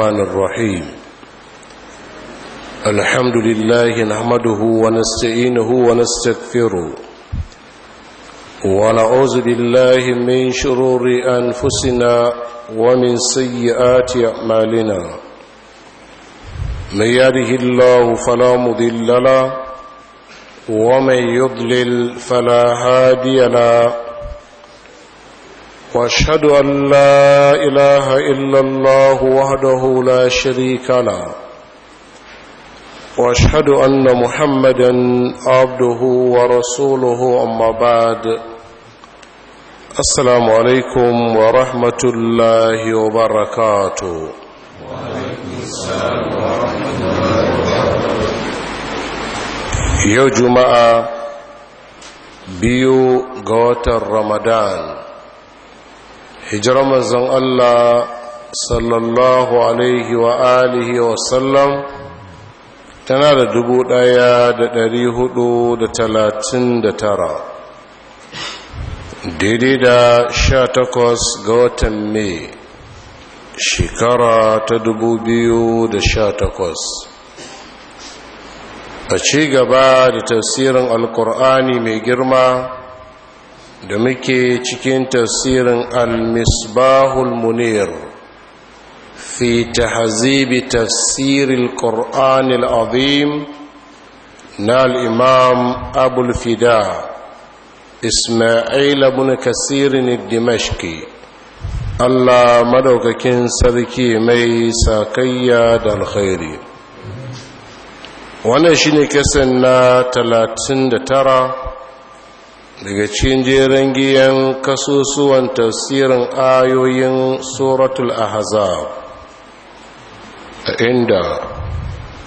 الرحمن الرحيم الحمد لله نحمده ونستعينه ونستغفره ونعوذ بالله من شرور أنفسنا ومن سيئات أعمالنا من يهده الله فلا مضل له ومن يضلل فلا هادي له واشهد ان لا اله الا الله وحده لا شريك له واشهد ان محمدا عبده ورسوله اما بعد السلام عليكم ورحمه الله وبركاته وعليكم السلام ورحمه الله وبركاته يا جماعة بيو غوتر رمضان hijirar mazan Allah sallallahu alaihi wa alihi wa sallam tana da dubu ɗaya da dari hudu da talatin da tara daidai da sha takwas ga watan mai shekara ta dubu biyu da sha takwas a ci gaba da tasirin alkur'ani mai girma da muke cikin tafsirin al-misbahul munir fi tahzibi tafsiril qur'anil azim na al-imam abul fida isma'il ibn kasir dimashqi Allah madaukakin sarki mai sakayya da alkhairi wannan shine kasan na 39 daga cikin jerin giyan kasusuwan tafsirin ayoyin suratul A inda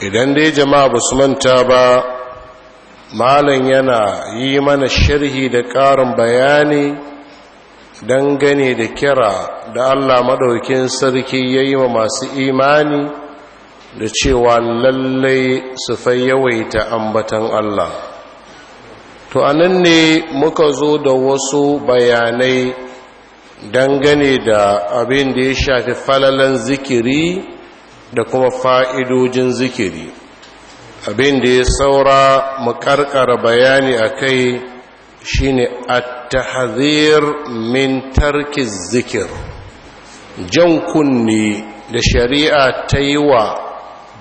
idan dai jama'a ba manta ba malam yana yi mana sharhi da ƙarin bayani dangane da kira da allah maɗaukin sarki ya yi wa masu imani da cewa lallai su fa yawaita ambatan allah to anan ne muka zo da wasu bayanai dangane da abin da ya shafi falalan zikiri da kuma fa'idojin zikiri abin da ya saura makarkar bayani a kai shi ne min tarki zikir jan kunni da shari'a ta yi wa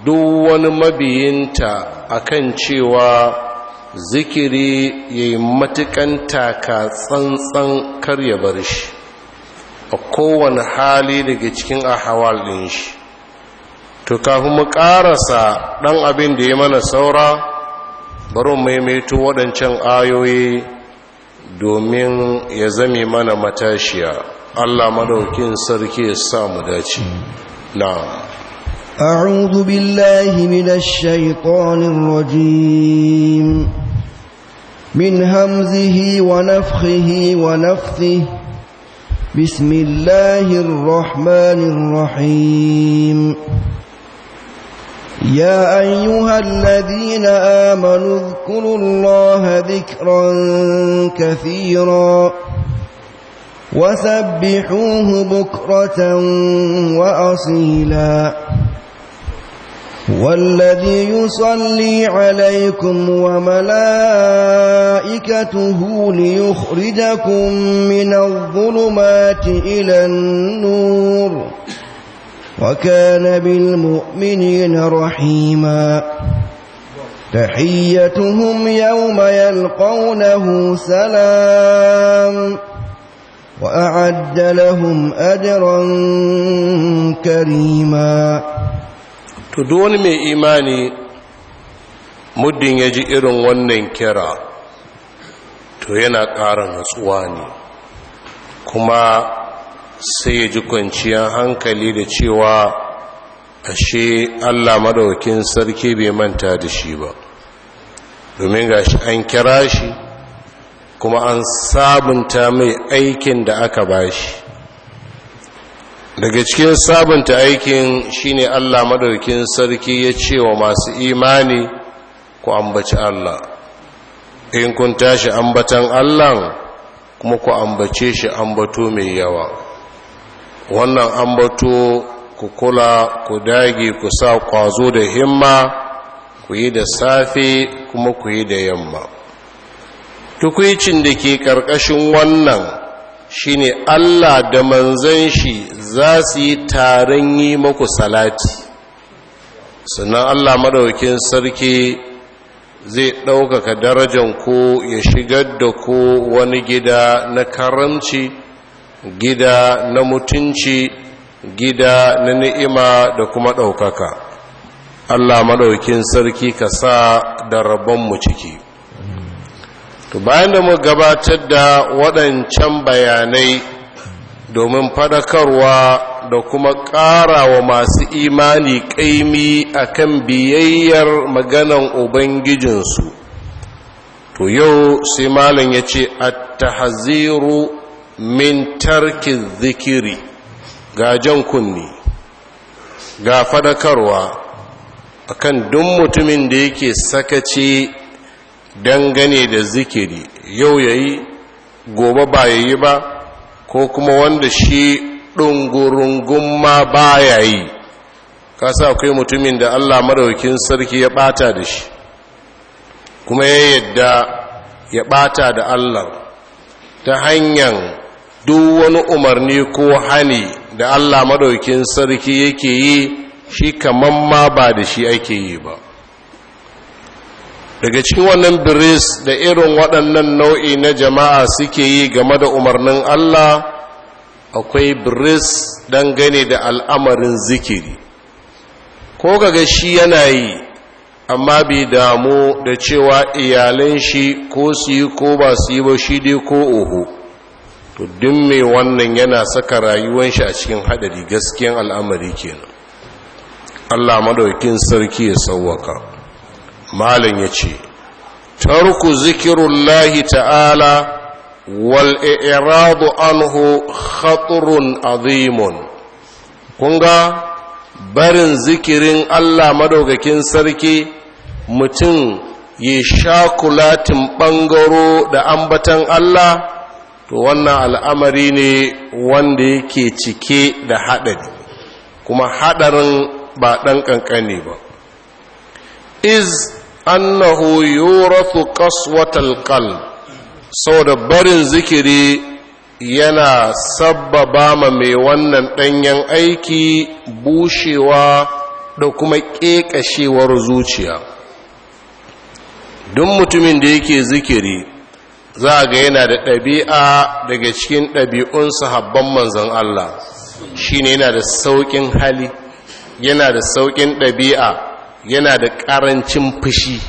duk wani mabiyinta akan cewa zikiri ya yi matukan taka tsantsan karya bar shi a kowane hali daga cikin ahawal ɗin shi to kafin mu ƙarasa ɗan abin da ya mana saura baro maimaito waɗancan ayoyi domin ya zame mana matashiya allah maɗaukin sarki ya samu dace na'am أعوذ بالله من الشيطان الرجيم من همزه ونفخه ونفثه بسم الله الرحمن الرحيم يا أيها الذين آمنوا اذكروا الله ذكرا كثيرا وسبحوه بكرة وأصيلا والذي يصلي عليكم وملائكته ليخرجكم من الظلمات إلى النور وكان بالمؤمنين رحيما تحيتهم يوم يلقونه سلام وأعد لهم أجرا كريما to duk wani mai imani muddin ya ji irin wannan kira to yana ƙara natsuwa ne kuma sai ya ji kwanciyar hankali da cewa ashe allah maɗaukin sarki bai manta da shi ba domin ga shi an kira shi kuma an sabunta mai aikin da aka bashi daga cikin sabunta aikin shine Allah madaukin sarki ya ce wa masu imani ku ambaci Allah in kun tashi ambatan Allah kuma ku ambace shi ambato mai yawa wannan ambato ku kula ku dage ku sa kwazo da himma ku yi da safe kuma ku yi da yamma tukwicin da ke ƙarƙashin wannan shine Allah da manzan shi za su yi taron yi maku salati sannan Allah maɗaukin sarki zai ɗaukaka darajan ko ya shigar da ko wani gida na karamci gida na mutunci gida na ni'ima da kuma ɗaukaka Allah maɗaukin sarki ka sa da rabonmu ciki to bayan da mu gabatar da waɗancan bayanai domin faɗakarwa da kuma ƙara masu imani ƙaimi a kan biyayyar maganan ubangijinsu to yau sai malam ya ce attahaziru min tarki zikiri ga jan kunni ga faɗakarwa akan duk mutumin da yake sakaci dangane da zikiri yau yayi gobe ba yayi ba ko kuma wanda shi ɗungurungun ma ba yayi ka sa akwai mutumin da allah maraukin sarki ya ɓata da shi kuma ya yadda ya ɓata da allah ta hanyar duk wani umarni ko hani da allah maraukin sarki yake yi shi kamar ma ba da shi ake yi ba daga cikin wannan biris da irin waɗannan nau'i na jama'a suke yi game da umarnin Allah akwai biris dangane da al'amarin zikiri ko kaga shi yana yi amma bai damu da cewa iyalan shi ko su yi ko ba su yi ba shi dai ko oho to duk mai wannan yana saka rayuwar shi a cikin haɗari gaskiyan al'amari kenan Allah madaukin sarki ya sauwaka malam ya ce tarku zikirullahi ta'ala wal iradu anhu khatrun azimun kun barin zikirin Allah madaukakin sarki mutum ya sha kulatin ɓangaro da ambatan Allah to wannan al'amari ne wanda yake cike da haɗari kuma haɗarin ba ɗan ƙanƙani ba iz annahu yurathu qaswatal qalb saboda barin zikiri yana sabbaba ma mai wannan danyen aiki bushewa da kuma ƙeƙashewar zuciya duk mutumin da yake zikiri za ga yana da ɗabi'a daga cikin ɗabi'un sahabban manzon Allah shine yana da sauƙin hali yana da sauƙin ɗabi'a yana da ƙarancin fushi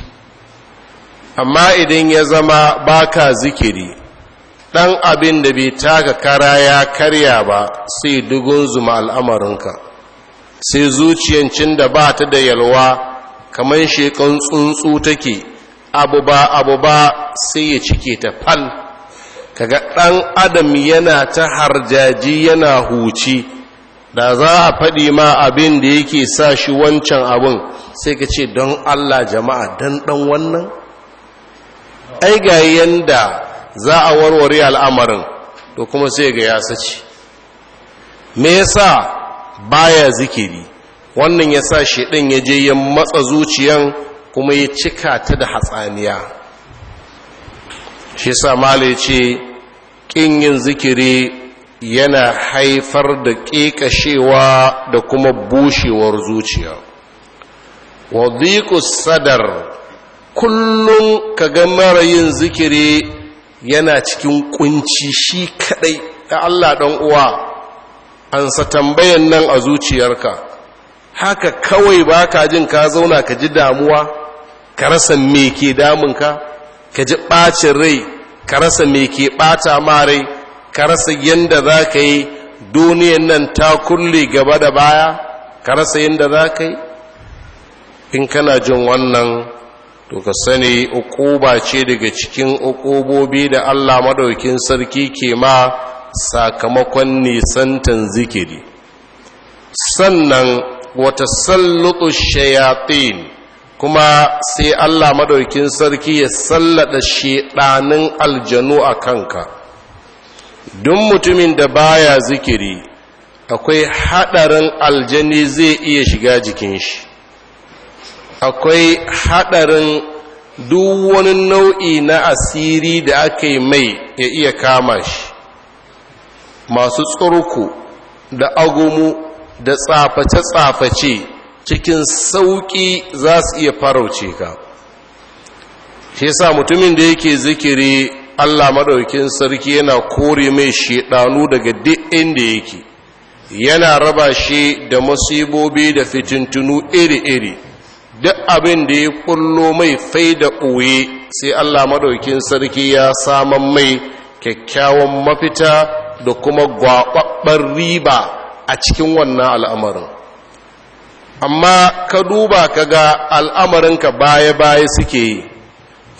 amma idan ya zama baka zikiri ɗan abin da bai taka kara ya karya ba sai dugun zuma al'amarinka sai zuciyancin da ba ta da yalwa kamar shekan tsuntsu take abu ba abu ba sai ya cike ta fal kaga ɗan adam yana ta harjaji yana huci da za a faɗi ma abin da yake sa shi wancan abin sai ka ce don Allah jama'a don ɗan wannan ai ga yanda za a warware al'amarin to kuma sai ga ya sace me yasa baya zikiri wannan ya sa shi ɗin ya je ya matsa zuciyan kuma ya cika ta da hatsaniya shi sa mala ce ƙin yin zikiri yana haifar da ƙeƙashewa da kuma bushewar zuciya wadhiqus sadar kullum ka ga yin zikiri yana cikin kunci shi kadai da Allah dan uwa an sa tambayan nan a zuciyarka haka kawai baka jin ka zauna ka ji damuwa ka rasa me ke damunka ka ji bacin rai ka rasa me ke bata ma rai karasa rasa yadda za ka yi duniyan nan ta kulle gaba da baya ka rasa yadda za ka yi in kana jin wannan to ka sani ukuba ce daga cikin ukubobi da allah maɗaukin sarki ke ma sakamakon nisantan zikiri sannan wata sallutu shayatin kuma sai allah maɗaukin sarki ya sallada shiɗanin aljanu a kanka duk mutumin da baya zikiri akwai hadarin aljani zai iya shiga jikin shi akwai hadarin duk wani nau'i na asiri da aka yi mai ya iya kama shi masu tsurku da agumu da tsaface-tsaface cikin sauƙi za su iya farauce ka shi sa mutumin da yake zikiri Allah maɗaukin sarki yana kore mai shedanu daga duk inda yake yana raba shi da masibobi da fitintunu iri-iri duk abin da ya kullo mai faida ɓoye sai Allah maɗaukin sarki ya saman mai kyakkyawan mafita da kuma gwaɓaɓɓar riba a cikin wannan al'amarin amma ka duba ka ga al'amarinka baya-baya suke yi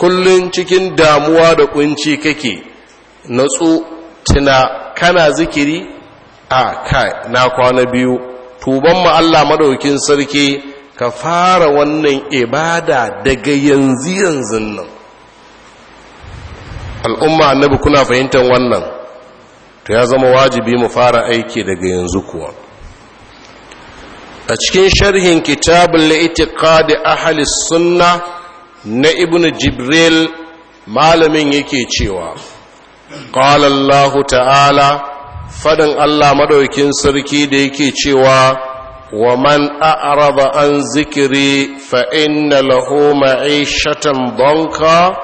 Kullum cikin damuwa da kunci kake natsu tuna kana zikiri a kai na kwana biyu tuban mu Allah madaukin sarki ka fara wannan ibada daga yanzu yanzu nan al'umma annabi kuna fahimtar wannan to ya zama wajibi mu fara aiki daga yanzu kuwa a cikin sharhin kitabul itiqadi ahli sunna na ibn jibril malamin yake cewa qala allah ta'ala faɗin allah maɗaukin sarki da yake cewa wa man araba an zikiri fa inna lahu ma'ishatan banka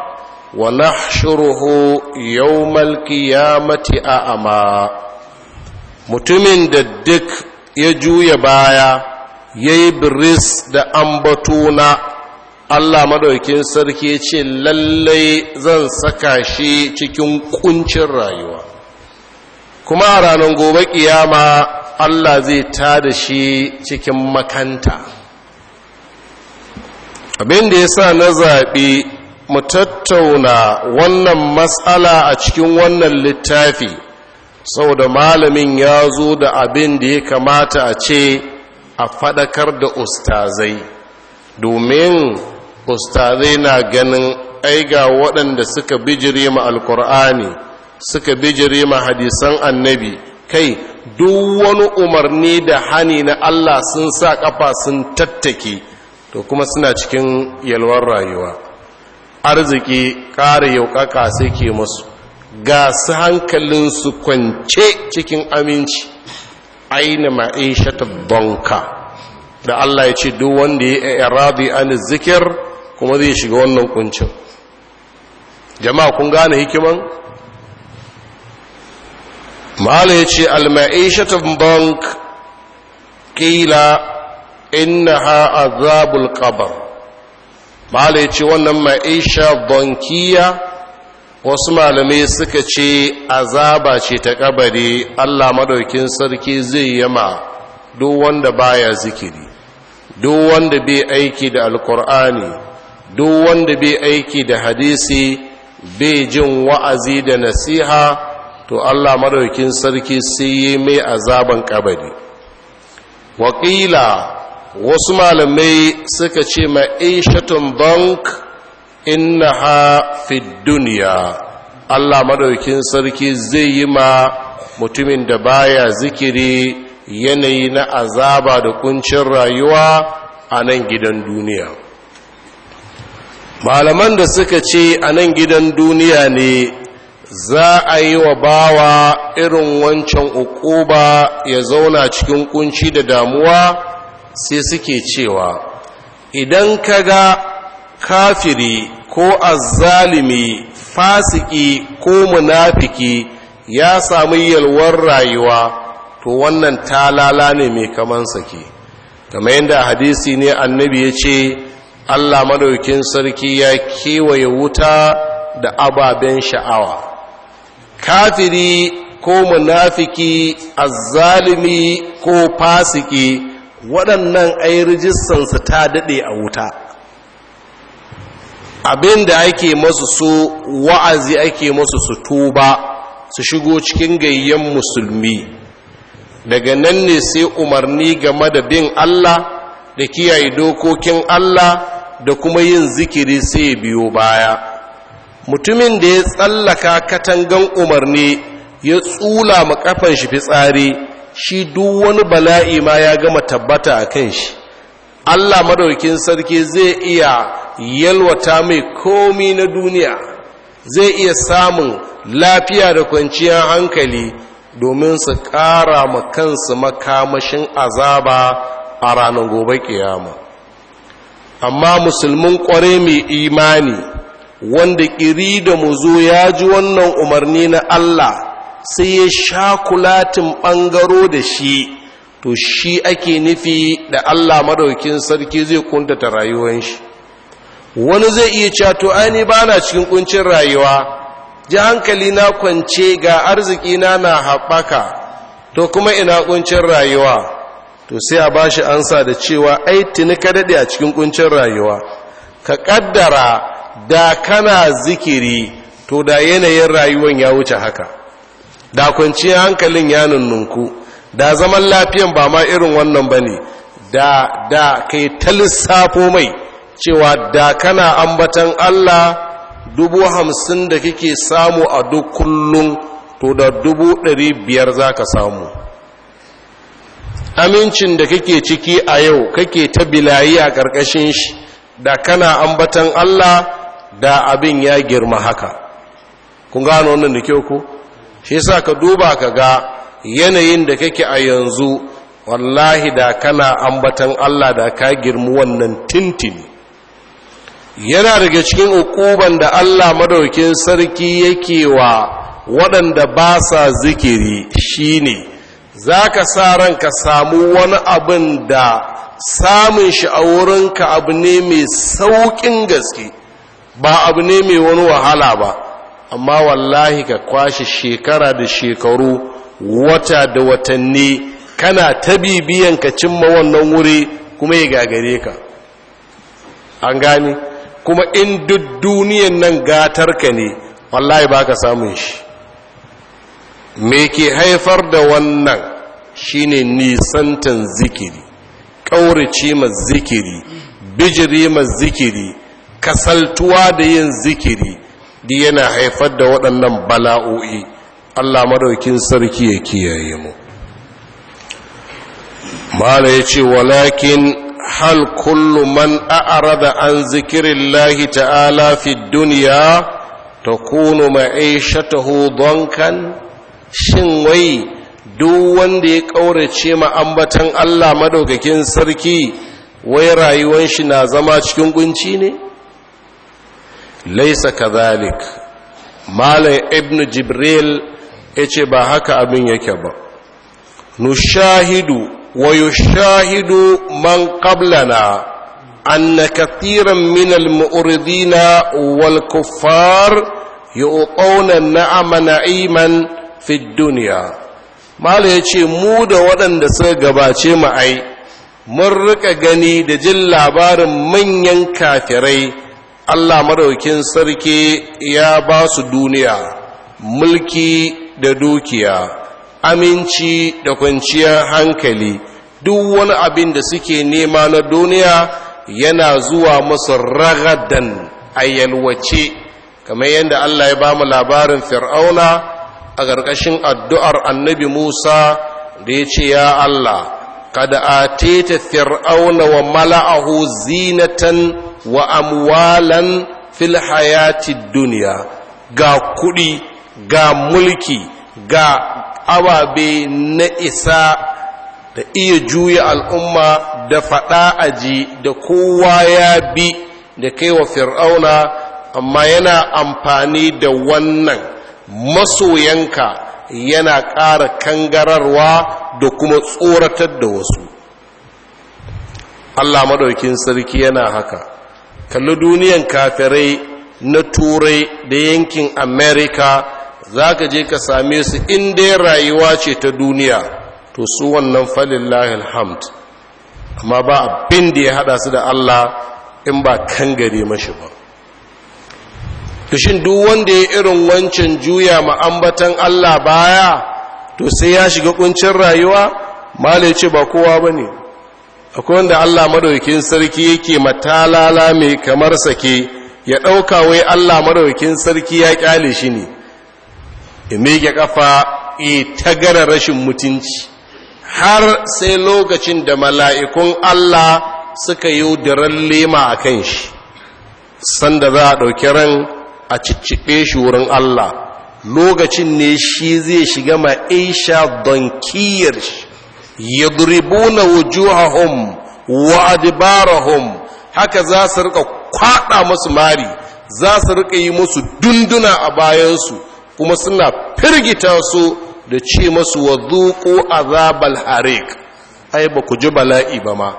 wa nahshuruhu yawmal qiyamati a'ama mutumin da duk ya juya baya yayi biris da ambatuna Allah madaukin sarki ya ce lallai zan saka shi cikin kuncin rayuwa kuma a ranar gobe kiyama Allah zai tada shi cikin makanta abin da ya sa na zaɓi mu tattauna wannan matsala a cikin wannan littafi saboda malamin ya zo da abin da ya kamata a ce a faɗakar da ustazai domin ustazai na ganin ai ga waɗanda suka bijire ma alkur'ani suka bijire ma hadisan annabi kai duk wani umarni da hani na Allah sun sa ƙafa sun tattake to kuma suna cikin yalwar rayuwa arziki ƙara yauƙaƙa sai ke masu ga su hankalinsu kwance cikin aminci aina ma'aishata banka da Allah ya ce duk wanda ya yi iradi an zikir kuma zai shiga wannan kuncin jama'a kun gane hikiman ma'ala ya ce alma'ishatun bank kila innaha azabul qabar ma'ala ya ce wannan ma'isha bankiya wasu malamai suka ce azaba ce ta kabari allah madaukin sarki zai yama duk wanda baya zikiri duk wanda bai aiki da alkur'ani duk wanda bai aiki da hadisi bai jin wa'azi da nasiha to Allah maraukin sarki sai yi mai azaban ƙabari. waƙila wasu malamai suka ce ma Aishatun bank ha fi duniya Allah maraukin sarki zai yi ma mutumin da baya zikiri yanayi na azaba da kuncin rayuwa a nan gidan duniya malaman da suka ce a nan gidan duniya ne za a yi wa bawa irin wancan ukuba ya zauna cikin kunci da damuwa sai suke cewa idan ka ga kafiri ko azzalimi fasiki ko munafiki ya sami yalwar rayuwa to wannan talala ne mai kamansa ke. kamar yadda hadisi ne annabi ya ce Allah madaukin sarki ya kewaye wuta da ababen sha'awa kafiri ko munafiki azzalimi ko fasiki waɗannan ai su ta daɗe a wuta abin da ake masu so wa'azi ake masu su tuba su shigo cikin gayyen musulmi daga nan ne sai umarni game da bin Allah da kiyaye dokokin Allah da kuma yin zikiri sai biyo baya mutumin da ya tsallaka katangan umarni ya tsula ma kafan shi fitsari shi duk wani bala'i ma ya gama tabbata a kan shi allah madaukin sarki zai iya yalwata mai komi na duniya zai iya samun lafiya da kwanciyar hankali domin su ƙara ma kansu makamashin azaba a ranar gobe kiyama amma musulmin ƙware mai imani wanda ƙiri da mu zo ya ji wannan umarni na Allah sai ya sha kulatin ɓangaro da shi to shi ake nufi da Allah madaukin sarki zai kuntata rayuwar shi wani zai iya cewa to ai ba na cikin kuncin rayuwa ji hankali na kwance ga arziki na na haɓaka to kuma ina kuncin rayuwa to sai a bashi ansa da cewa ai tuni ka dade a cikin kuncin rayuwa ka ƙaddara da kana zikiri to da yanayin rayuwan ya wuce haka da kwanciya hankalin ya nunnunku da zaman lafiyan ba ma irin wannan bane da da kai ta lissafo mai cewa da kana ambatan Allah dubu hamsin da kike samu a duk kullum to da dubu ɗari biyar za ka samu amincin da kake ciki a yau kake ta bilayi a ƙarƙashin shi da kana ambatan Allah da abin ya girma haka kun gano wannan da kyau ko shi yasa ka duba ka ga yanayin da kake a yanzu wallahi da kana ambatan Allah da ka girmi wannan tintin yana daga cikin ukuban da Allah madaukin sarki yake wa waɗanda ba sa zikiri shine za ka sa ka samu wani abin da samun shi a wurinka abu ne mai sauƙin gaske ba abu ne mai wani wahala ba amma wallahi ka kwashe shekara da shekaru wata da watanni kana ta bibiyan ka cimma wannan wuri kuma ya gagare ka an gani kuma in duk duniyan nan gatar ka ne wallahi ba ka samun shi me ke haifar da wannan Shi ne nisantan zikiri ƙaurace ma zikiri bijire ma zikiri kasaltuwa da yin zikiri da yana haifar da waɗannan bala'o'i allah maraukin sarki ya kiyaye mu mala ya ce walakin hal kullu man a'arada an zikirin lahi ta'ala fi duniya ta kunu don donkan shin wai duk wanda ya ƙaurace ma'ambatan Allah madaukakin sarki wai rayuwan shi na zama cikin gunci ne laisa kazalik malam Ibn jibril ya ce ba haka abin yake ba Nu shahidu wa shahidu man qablana anna katiran min al-mu'ridina wal kuffar yu'tawna na'ama na'iman fi duniya. mala ya ce mu da waɗanda suka gabace ma'ai mun rika gani da jin labarin manyan kafirai allah maraukin sarki ya ba su duniya mulki da dukiya aminci da kwanciyar hankali duk wani abin da suke nema na duniya yana zuwa masu ragadan a yalwace kamar yadda allah ya ba mu labarin fir'auna a ƙarƙashin addu'ar annabi Musa da ya ce, “Ya Allah, kada a teta fir'auna wa mala'ahu zinatan wa amwalan fil hayati duniya, ga kuɗi, ga mulki, ga ababe na isa da iya juya al'umma da faɗa aji da kowa ya bi da kai wa fir'auna, amma yana amfani da wannan. masoyanka yana ƙara kangararwa da kuma tsoratar da wasu Allah maɗaukin sarki yana haka kalli duniyan kafirai na turai da yankin Amerika, za ka je ka same su inda rayuwa ce ta duniya to su wannan lahil hamd amma ba abin da ya haɗa su da Allah in ba kangare mashi ba to shin duk wanda ya irin wancan juya ma'ambatan Allah baya to sai ya shiga kuncin rayuwa malai ce ba kowa bane akwai wanda Allah madaukakin sarki yake matalala mai kamar sake ya dauka wai Allah madaukakin sarki ya kyale shi ne ya miƙe kafa ya tagara rashin mutunci har sai lokacin da mala'ikun Allah suka yi lema a kan shi sanda za a ɗauki ran a cicciɓe shi wurin Allah lokacin ne shi zai shiga ma'aisha donkiyar shi yadribuna wujuhahum wa adbarahum haka za su rika kwada musu mari za su rika yi musu dunduna a bayansu kuma suna firgita su da ce musu wa azabal harik ai ba ku ji bala'i ba ma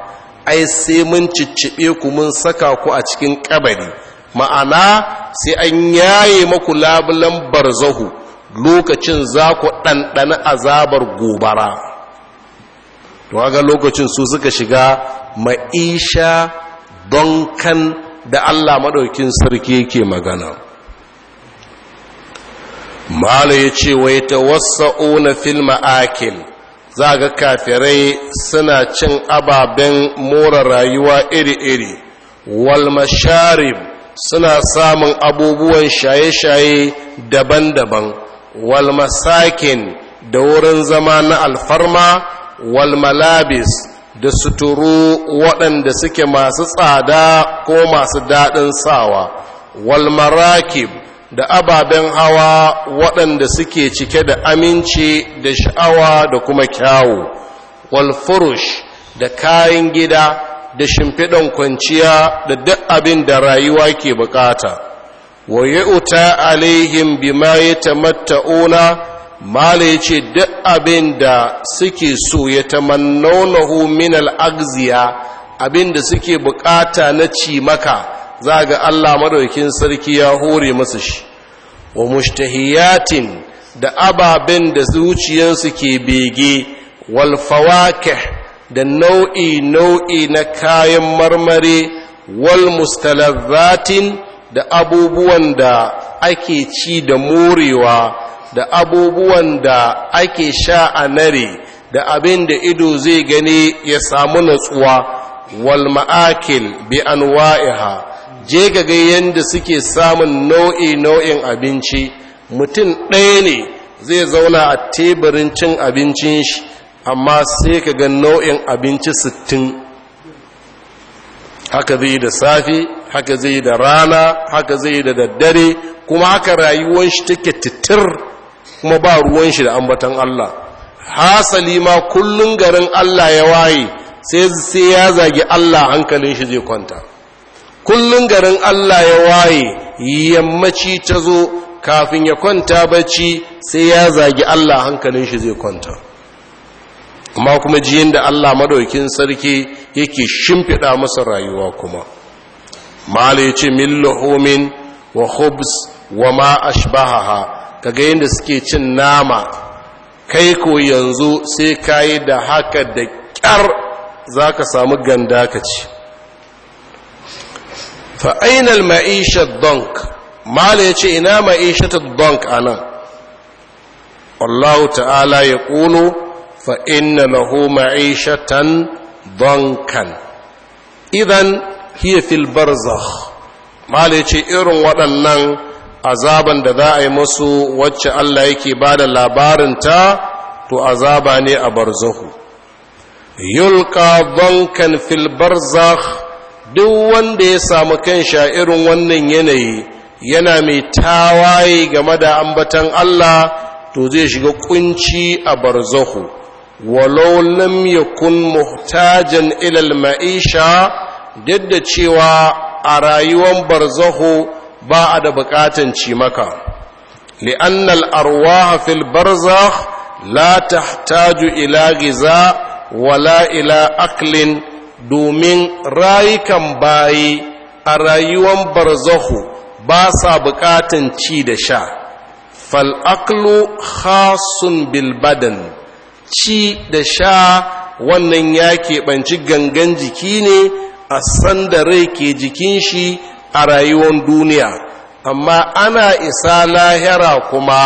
ai sai mun ciccibe ku mun saka ku a cikin kabari ma'ana sai an yaye maku labulan barzahu lokacin za ku ɗanɗana azabar gobara to haka lokacin su suka shiga ma'isha don kan da allah maɗaukin sarki ke magana mala ya ce wai ta ona filma ma'akil za ga kafirai suna cin ababen more rayuwa iri-iri wal suna samun abubuwan shaye-shaye daban-daban wal masakin da wurin zama na alfarma wal malabis da suturu waɗanda suke masu tsada ko masu daɗin sawa wal marakib da ababen hawa waɗanda suke cike da aminci da sha'awa da kuma kyawu wal furush da kayan gida da shimfiɗan kwanciya da duk abin da rayuwa ke bukata wa uta alaihim bima yatamatta'una mala yace duk abin da suke so ya tamannawnahu min al-agziya abin da suke bukata na ci maka. za ga Allah madaukin sarki ya hore musu shi wa mushtahiyatin da ababen da zuciyarsu ke bege wal da nau'i nau'i na kayan marmari wal mustalazzatin da abubuwan da ake ci da morewa da abubuwan da ake sha a nare da abin da ido zai gani ya samu natsuwa wal ma'akil bi anwa'iha je ga yadda suke samun nau'i nau'in abinci mutum ɗaya ne zai zauna a teburin cin abincin shi amma sai ka ga nau'in abinci sittin haka zai da safe haka zai da rana haka zai da daddare kuma haka rayuwan shi take titir kuma ba ruwan shi da ambatan Allah hasali ma kullun garin Allah ya waye sai sai ya zagi Allah hankalin shi zai kwanta kullun garin Allah ya waye yammaci ta zo kafin ya kwanta bacci sai ya zagi Allah hankalin shi zai kwanta amma kuma ji yadda Allah madaukin sarki yake shimfiɗa masa rayuwa kuma mala ya ce min luhumin wa hubs wa ma ashbahaha kaga yadda suke cin nama kai ko yanzu sai kayi da haka da ƙyar za ka samu ganda ka ci Fa fa'ainal ma'ishat donk mala ya ce ina ma'ishat donk anan? nan ta'ala ya ƙuno fa inna lahu ma'ishatan dankan idan hiya fil barzakh mala ce irin waɗannan azaban da za a yi musu wacce Allah yake ba da ta to azaba ne a barzahu yulka dankan fil barzakh duk wanda ya samu kanshi a irin wannan yanayi yana mai tawaye game da ambatan Allah to zai shiga kunci a barzahu walau lam yakun muhtajan ilal ma'isha duk cewa a rayuwar barzahu ba a da bukatan maka, li'annal arwaha fil barzakh la tahtaju ila giza wala ila aklin domin rayukan bayi a rayuwar barzahu ba sa bukatan ci da sha fal fal'aklu khasun bilbadan ci da sha wannan ya keɓanci gangan jiki ne a sanda rai ke jikin shi a rayuwar duniya amma ana isa lahira kuma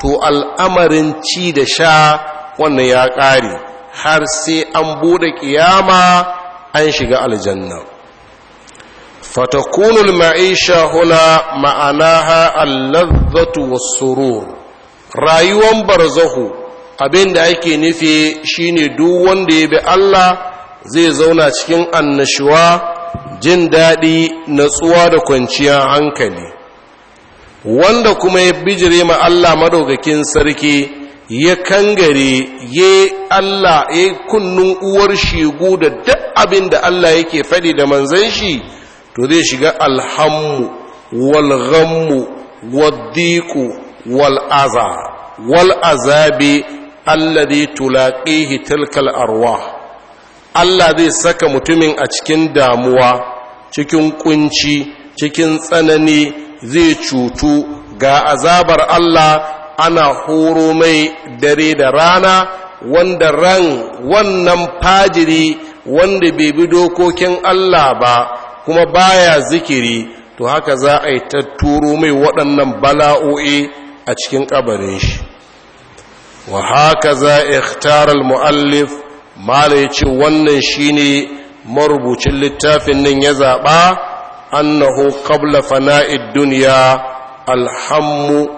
to al'amarin ci da sha wannan ya ƙare har sai an buɗe ƙiyama an shiga aljanna فتكون المعيشة هنا معناها اللذة والسرور rayuwan barzahu abin da ake nufi shine duk wanda ya bi Allah zai zauna cikin annashuwa jin daɗi natsuwa da kwanciyar hankali wanda kuma ya bijire ma Allah madaukakin sarki ya kangare ya Allah ya kunnun uwar shigu da duk abin da Allah yake faɗi da manzan shi to zai shiga alhammu wal ghammu wal diku wal aza wal alladhi tulaqihi tilkal arwah Allah zai saka mutumin a cikin damuwa cikin kunci cikin tsanani zai cutu ga azabar Allah ana horo mai dare da rana wanda ran wannan fajiri wanda bai bi dokokin Allah ba kuma baya zikiri to haka za a yi ta turo mai waɗannan bala'o'i a cikin ƙabarin shi wa haka za a ikhtarar muallif mala ya ci wannan shine marubucin littafin nan ya zaɓa annahu qabla fana'id duniya alhammu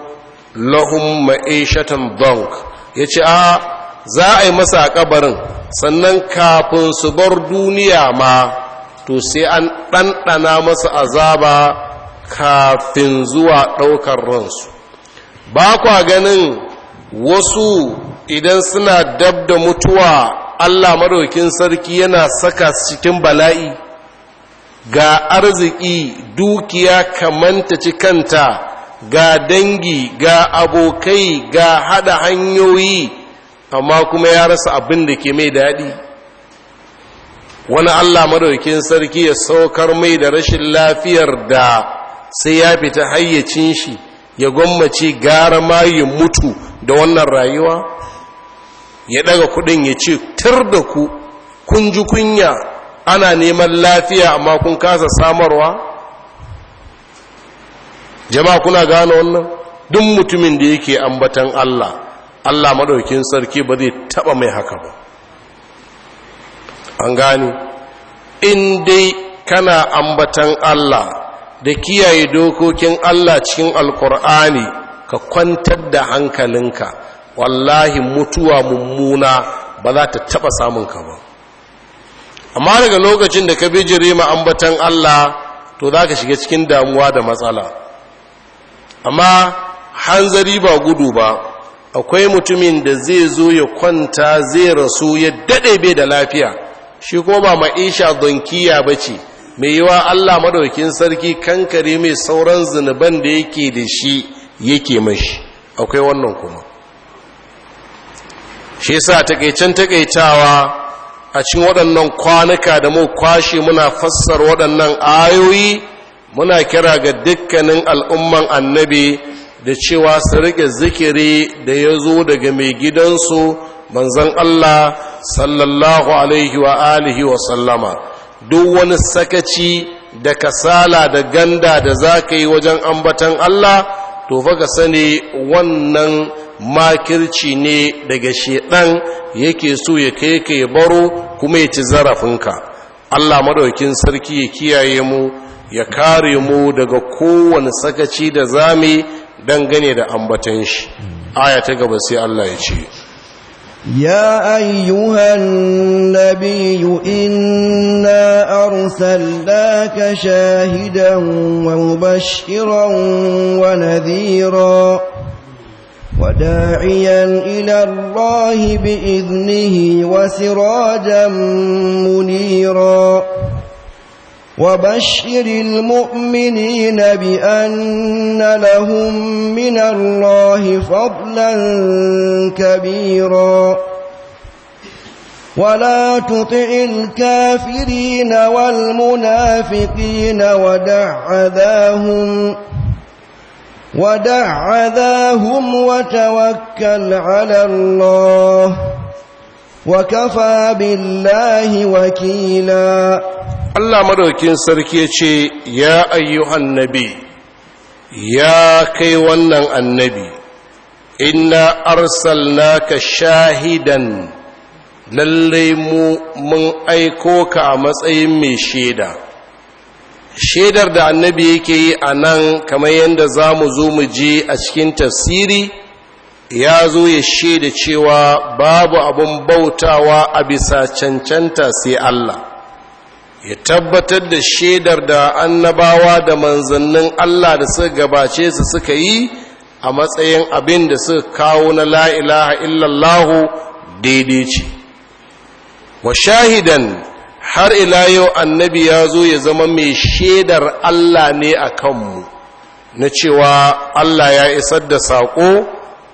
lahum ma'ishatan bank ya ce a za a yi masa kabarin sannan kafin su bar duniya ma to sai an ɗanɗana masa azaba kafin zuwa ɗaukar ransu ba kwa ganin wasu idan suna dab da mutuwa Allah maraukin sarki yana saka cikin bala'i ga arziki dukiya kamanta ci kanta ga dangi ga abokai ga hada hanyoyi amma kuma ya rasa abin da ke mai daɗi wani Allah maraukin sarki ya saukar mai da rashin lafiyar da sai ya fita hayyacin shi ya gwammace gara ma ya mutu da wannan rayuwa ya daga kudin ya ce tur da ku kun ji kunya ana neman lafiya amma kun kasa samarwa jama'a kuna gane wannan duk mutumin da yake ambatan Allah Allah madaukin sarki ba zai taba mai haka ba an gane in dai kana ambatan Allah da kiyaye dokokin Allah cikin alkur'ani ka kwantar da hankalinka wallahi mutuwa mummuna ba za ta taba ka ba amma daga lokacin da ka bijire ma ambatan Allah to za ka shiga cikin damuwa da matsala amma hanzari ba gudu ba akwai mutumin da zai zo ya kwanta zai rasu ya daɗe bai da lafiya shi kuma ba ma'isha donkiya ba ce mai yiwa Allah madaukin sarki kankare mai sauran zunuban da yake da shi yake mashi akwai wannan kuma shi yasa takeicen takeitawa a cikin waɗannan kwanuka da mu kwashe muna fassar waɗannan ayoyi muna kira ga dukkanin al'umman annabi da cewa su rike zikiri da ya zo daga mai gidansu manzon Allah sallallahu alaihi wa alihi wa sallama duk wani sakaci da kasala da ganda da za ka yi wajen ambatan Allah to fa ka sani wannan makirci ne daga shedan yake so ya kai ka ya baro kuma ya ci zarafinka Allah madaukin sarki ya kiyaye mu ya kare mu daga kowane sakaci da zami dangane da ambatan shi aya ta gaba sai Allah ya ce يا أيها النبي إنا أرسلناك شاهدا ومبشرا ونذيرا وداعيا إلى الله بإذنه وسراجا منيرا وبشر المؤمنين بأن لهم من الله فضلا كبيرا ولا تطع الكافرين والمنافقين ودع عذاهم ودع عذاهم وتوكل على الله وكفى بالله وكيلاً Allah madaukin sarki ya ce ya ayyuhan nabi ya kai wannan annabi inna ka shahidan lallai mu mun aiko ka a matsayin mai shaida shaidar da annabi yake yi a nan kamar yadda za mu zo mu je a cikin tasiri ya zo ya shaida cewa babu abin bautawa a bisa cancanta sai Allah ya tabbatar da shaidar da annabawa da manzannin Allah da suka gabace su suka yi a matsayin abin da suka kawo na la'ilaha illallahu daidai ce wa shahidan har ila yau annabi ya zo ya zama mai shaidar Allah ne a kanmu na cewa Allah ya isar da saƙo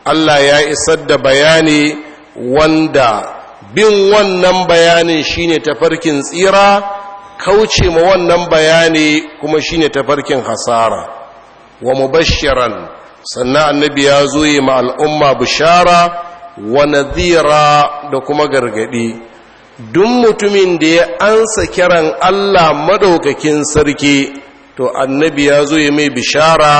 Allah ya isar da bayani wanda bin wannan bayanin shine tafarkin tsira kauce ma wannan bayani kuma shine tafarkin hasara wa mubashiran sannan annabi ya zo yi ma al'umma bishara wa nadhira da kuma gargadi duk mutumin da ya ansa kiran Allah madaukakin sarki to annabi ya zo yi mai bishara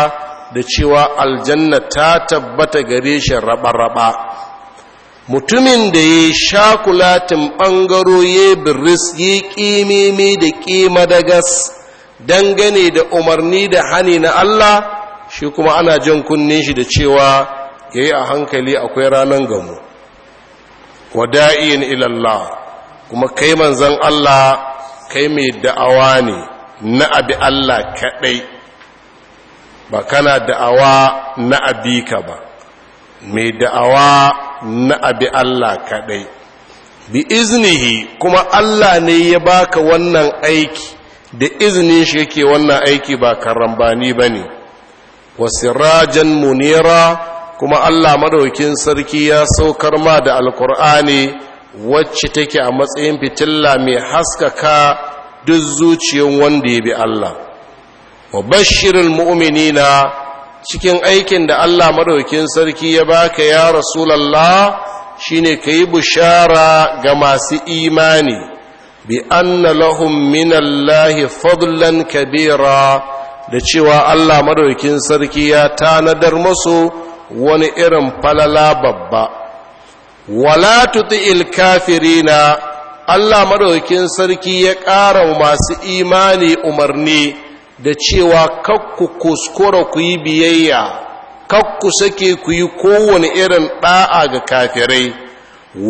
da cewa aljanna ta tabbata gare shi raba-raba mutumin da ya sha ɓangaro ya birris ya ƙimimi da ƙima da gas dangane da umarni da hani na Allah shi kuma ana jan kunne shi da cewa ya yi a hankali akwai ranar gamu wada'in ilallah kuma kai manzan Allah kai mai da'awa ne na abi Allah kaɗai ba kana da'awa na ka ba mai da'awa na abi Allah kaɗai bi iznihi kuma Allah ne ya baka wannan aiki da izinin shi yake wannan aiki ba karambani ba ne wasirajen munira kuma Allah madaukin sarki ya saukar ma da alkur'ani wacce take a matsayin fitilla mai haskaka duk zuciyar wanda ya bi Allah wa bashirin mu'minina cikin aikin da Allah madaukin sarki ya baka ya rasulullah shine kai bushara ga masu imani bi anna lahum minallahi fadlan kabira da cewa Allah madaukin sarki ya tanadar musu wani irin falala babba wala tuti'il kafirina Allah madaukin sarki ya ƙara masu imani umarni da cewa kakku kuskura ku yi biyayya kakku sake ku yi kowane irin ɗa'a ga kafirai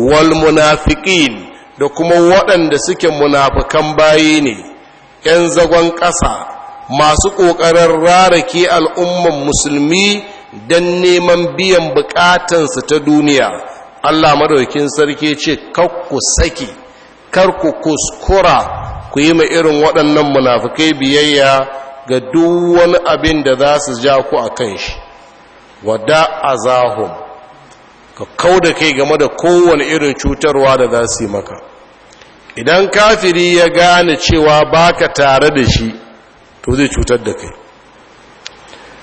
wal munafiqin da kuma waɗanda suke munafukan bayi ne ‘yan zagon ƙasa masu ƙoƙarin rara ke al'umman musulmi don neman biyan buƙatansu ta duniya Allah madaukin sarki ce kakku saki karku kuskura ku yi ma irin waɗannan munafukai biyayya ga duk abin da za su ja ku a kan shi wada azahum ka kau da kai game da kowane irin cutarwa da za su yi maka idan kafiri ya gane cewa baka tare da shi to zai cutar da kai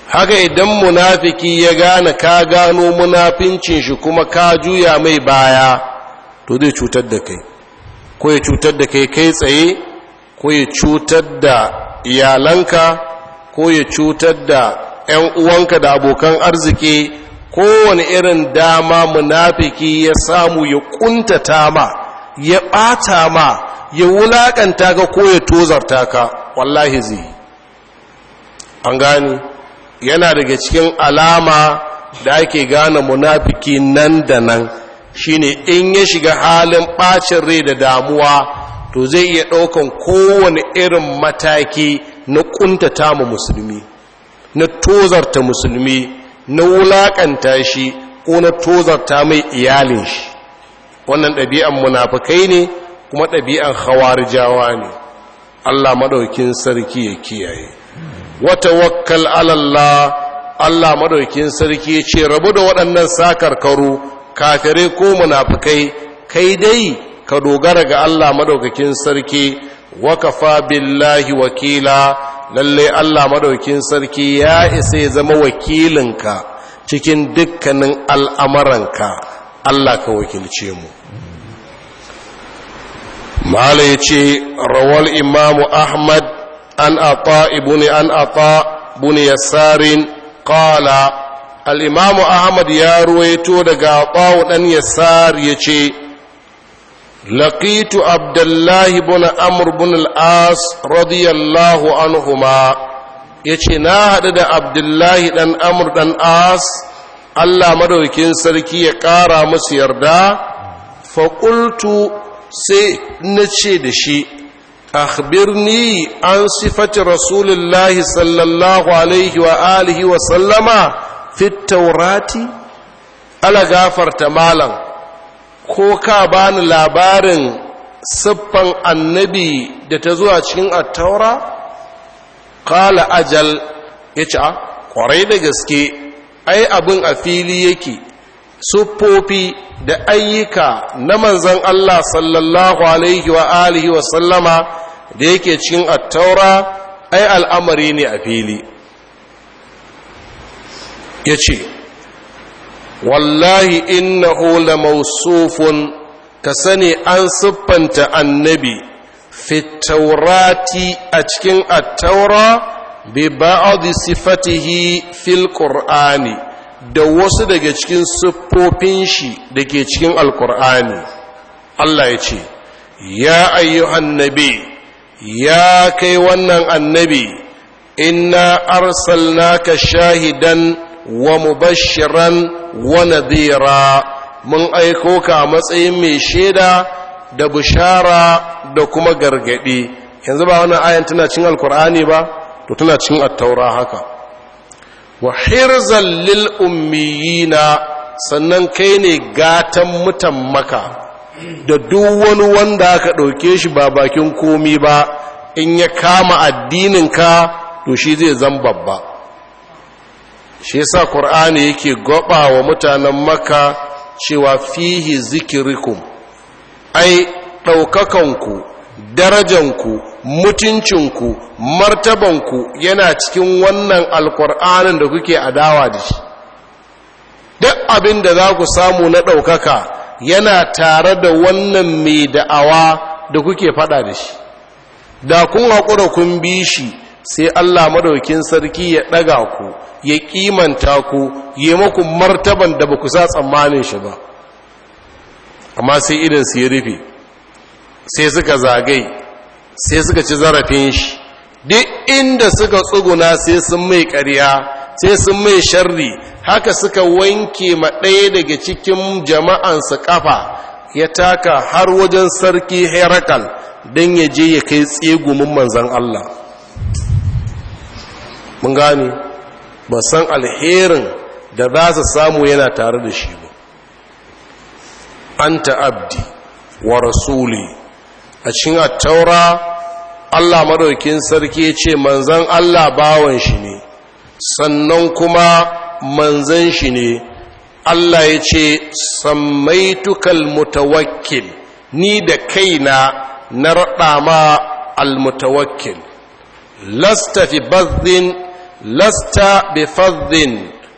haka idan munafiki ya gane ka gano munafincin shi kuma ka juya mai baya to zai cutar da kai ko ya cutar da kai kai tsaye ko ya cutar da iyalanka ko ya cutar da 'yan uwanka da abokan arziki kowane irin dama munafiki ya samu ya kuntata ma ya ɓata ma ya wulaƙanta ka ko ya tozarta ka wallahi zai an gani yana daga cikin alama da ake gane munafiki nan da nan shine in ya shiga halin ɓacin rai da damuwa to zai iya ɗaukan kowane irin mataki na ƙuntata ma musulmi na tozarta musulmi na wulaƙanta shi ko na tozarta mai iyalin shi wannan ɗabi'an munafukai ne kuma ɗabi'an jawa ne Allah maɗaukin sarki ya kiyaye wata wakkal alalla Allah maɗaukin sarki ya ce rabu da waɗannan sakarkaru kafirai ko munafukai kai dai ka dogara ga Allah madaukakin sarki wa billahi wakila lalle Allah madaukakin sarki ya isa ya zama wakilinka cikin dukkanin al'amuranka Allah ka wakilce mu mala yace rawal imamu ahmad an ata ibni an ata buni yasarin qala al imamu ahmad ya ruwaito daga ata dan yasar yace لقيت عبد الله بن عمرو بن العاص رضي الله عنهما yace na haɗu da abdullahi ɗan amur ɗan as allah madaukin sarki ya ƙara musu yarda faƙultu sai na ce da shi akhbirni an sifati rasulullahi sallallahu alaihi wa alihi wa sallama gafarta malam ko ka bani labarin siffan annabi da ta zuwa cikin attaura kala ajal ya ce a kwarai da gaske ai abin a fili yake siffofi da ayyuka na manzan Allah sallallahu alaihi wa alihi wa sallama da yake cikin attaura ai al'amari ne a fili ya ce wallahi innahu mausufun ka sani an siffanta annabi fitaurati a cikin attaura bi ba'd sifatihi fil qur'ani da wasu daga cikin siffofin shi dake cikin alqur'ani Allah ya ce ya ayyuhan nabi ya kai wannan annabi inna arsalnaka shahidan wa mubashiran wa nadira mun aiko ka a matsayin mai shaida da bishara da kuma gargadi yanzu ba wannan ayan tana cin alkur'ani ba to tana cin attaura haka wa hirzan lil ummiyina sannan kai ne gatan mutan maka da duk wani wanda aka ɗauke shi ba bakin komi ba in ya kama addininka to shi zai zan babba shi yasa qur'ani yake goba wa mutanen makka cewa fihi zikirikum ai ɗaukakanku darajanku mutuncinku martabanku yana cikin wannan alqur'anin da kuke adawa da shi duk abin da za ku samu na ɗaukaka yana tare da wannan mai da'awa da kuke fada da shi da kun haƙura kun bi shi sai Allah madaukin sarki ya ɗaga ku ya ƙimanta ku yi maku martaban da baku sa tsammanin shi ba amma sai idan su yi rufe sai suka zagai sai suka ci zarafin shi duk inda suka tsuguna sai sun mai ƙarya sai sun mai sharri haka suka wanke ma ɗaya daga cikin jama'an su ƙafa ya taka har wajen sarki herakal don ya je ya kai tsegumin manzan Allah mun gane ba san alherin da za su samu yana tare da shi ba anta abdi wa rasuli a cikin attaura Allah maɗaukin sarki ce manzan Allah bawan shi ne sannan kuma manzan shi ne Allah ya ce samaitukal mutawakkil ni da kaina na raɗa ma almutawakkil lasta fi bazzin lasta bi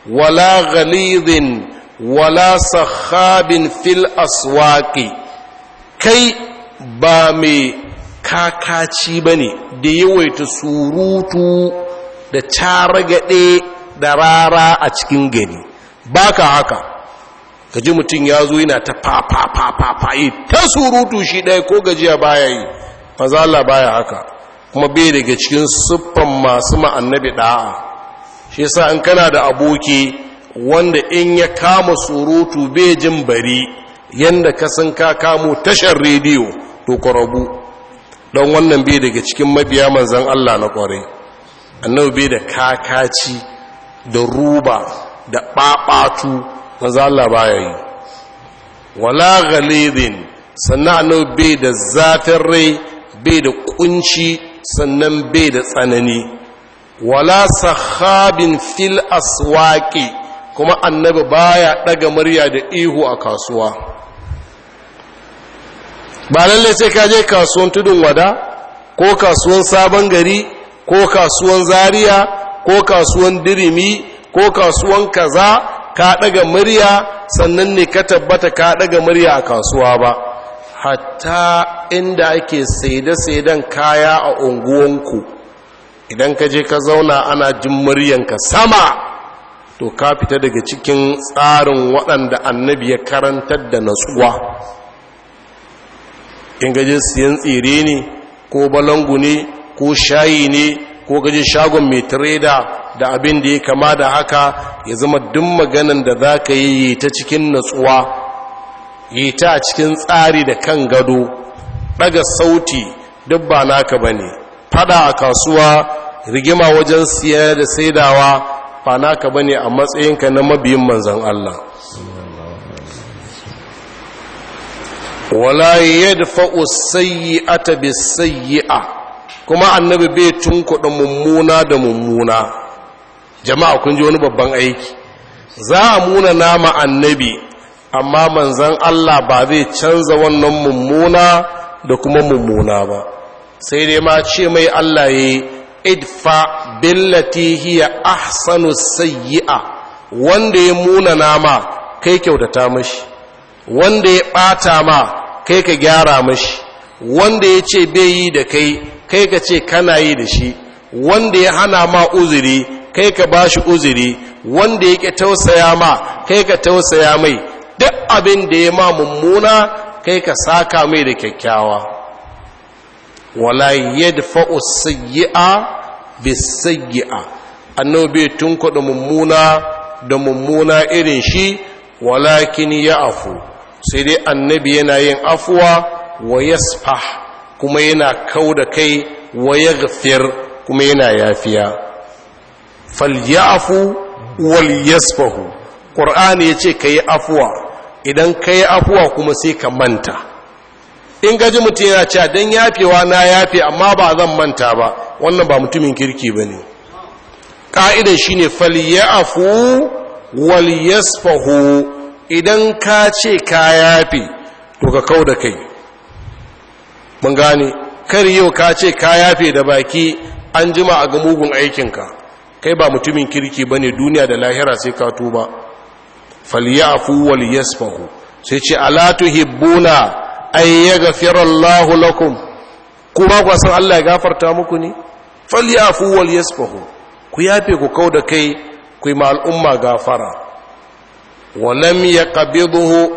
wala ghalidhin wala sakhabin fil aswaqi kai ba mai kakaci bane da yawaita surutu da targaɗe da rara a cikin Ba baka haka gaji mutum ya zo yana ta fafafafafayi ta surutu shi ɗaya ko gajiya baya yi fazala baya haka kuma bai daga cikin siffan masu ma'annabi ɗa'a shi yasa in kana da aboki wanda in ya kama surutu bai jin bari yanda ka san ka kamo tashar rediyo to ku rabu don wannan bai daga cikin mabiya manzan Allah na kwarai annabi bai da kakaci da ruba da ɓaɓatu manzan Allah baya yi wala galibin sannan annabi bai da zafin rai bai da kunci sannan bai da tsanani wala sahabin fil aswaqi kuma annabi baya daga murya da ihu a kasuwa ba lalle sai ka je kasuwan tudun wada ko kasuwan sabon gari ko kasuwan zariya, ko kasuwan dirimi ko kasuwan kaza ka daga murya sannan ne ka tabbata ka daga murya a kasuwa ba hatta inda ake saide-saiden kaya a unguwanku idan ka je ka zauna ana jin muryanka sama to ka fita daga cikin tsarin waɗanda annabi ya karantar da natsuwa in gaji siyan tsire ne ko balangu ne ko shayi ne ko gaji shagon mai tireda da abin da ya kama da haka ya zama duk maganan da za ka yi ta cikin natsuwa yi ta cikin tsari da kan gado daga sauti duk ba naka bane fada a kasuwa rigima wajen siya da saidawa ba naka ba ne a matsayinka na mabiyin manzan Allah wala tabi sayi a. kuma annabi bai kudin mummuna da mummuna jama'a kun ji wani babban aiki za a muna nama annabi amma manzan Allah ba zai canza wannan mummuna da kuma mummuna ba sai dai ma ce mai Allah ya idfa billati hiya ahsanu sayyi'a wanda ya muna nama kai kyautata mashi wanda ya bata ma kai ka gyara mashi wanda ya ce bai yi da kai kai ka ce kana yi da shi wanda ya hana ma uzuri kai ka bashi uzuri wanda yake tausaya ma kai ka tausaya mai duk abin da ya ma mummuna kai ka saka mai da kyakkyawa wala yadfa'u sayyi'a bisayyi'a annabi tun kuɗa mummuna da mummuna irin shi walakin ya afu sai dai annabi yana yin afuwa wa yasfah kuma yana kau da kai wa yaghfir kuma yana yafiya Fal falyafu wal yasfahu qur'ani yace kai afuwa idan ka yi afuwa kuma sai ka manta in gaji mutum yana cewa don yafewa na yafe amma ba zan manta ba wannan ba mutumin kirki ba ne ƙa'idan shi ne falyafu wal idan ka ce ka yafe to ka kau da kai mun gane kar yau ka ce ka yafe da baki an jima a ga mugun aikinka kai ba mutumin kirki ba ne duniya da lahira sai ka tuba falyafu wal yasfahu sai ce ala tuhibbuna ay yaghfira Allahu lakum kuma ku san Allah ya gafarta muku ne falyafu wal yasfahu ku yafe ku kauda kai ku ma al'umma gafara walam yaqbiduhu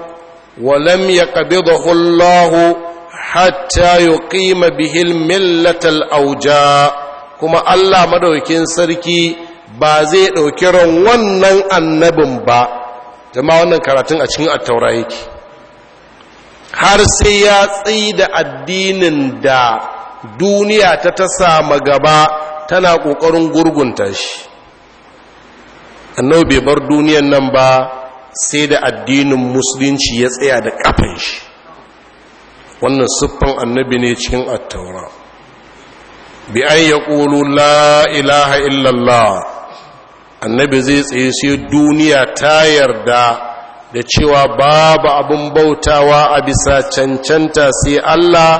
walam yaqbiduhu Allah hatta yuqima bihi al-millatal awja kuma Allah madaukin sarki ba zai ɗauki ran wannan annabin ba zama wannan karatun a cikin attaura yake har sai ya tsaye da addinin da duniya ta ta sama gaba tana ƙoƙarin gurgunta shi annau bai bar duniyan nan ba sai da addinin musulunci ya tsaya da ƙafan shi wannan siffan annabi ne cikin attaura bi an ya ƙulu la ilaha illallah annabi zai tsaye sai duniya ta yarda da cewa babu abin bautawa a bisa cancanta sai Allah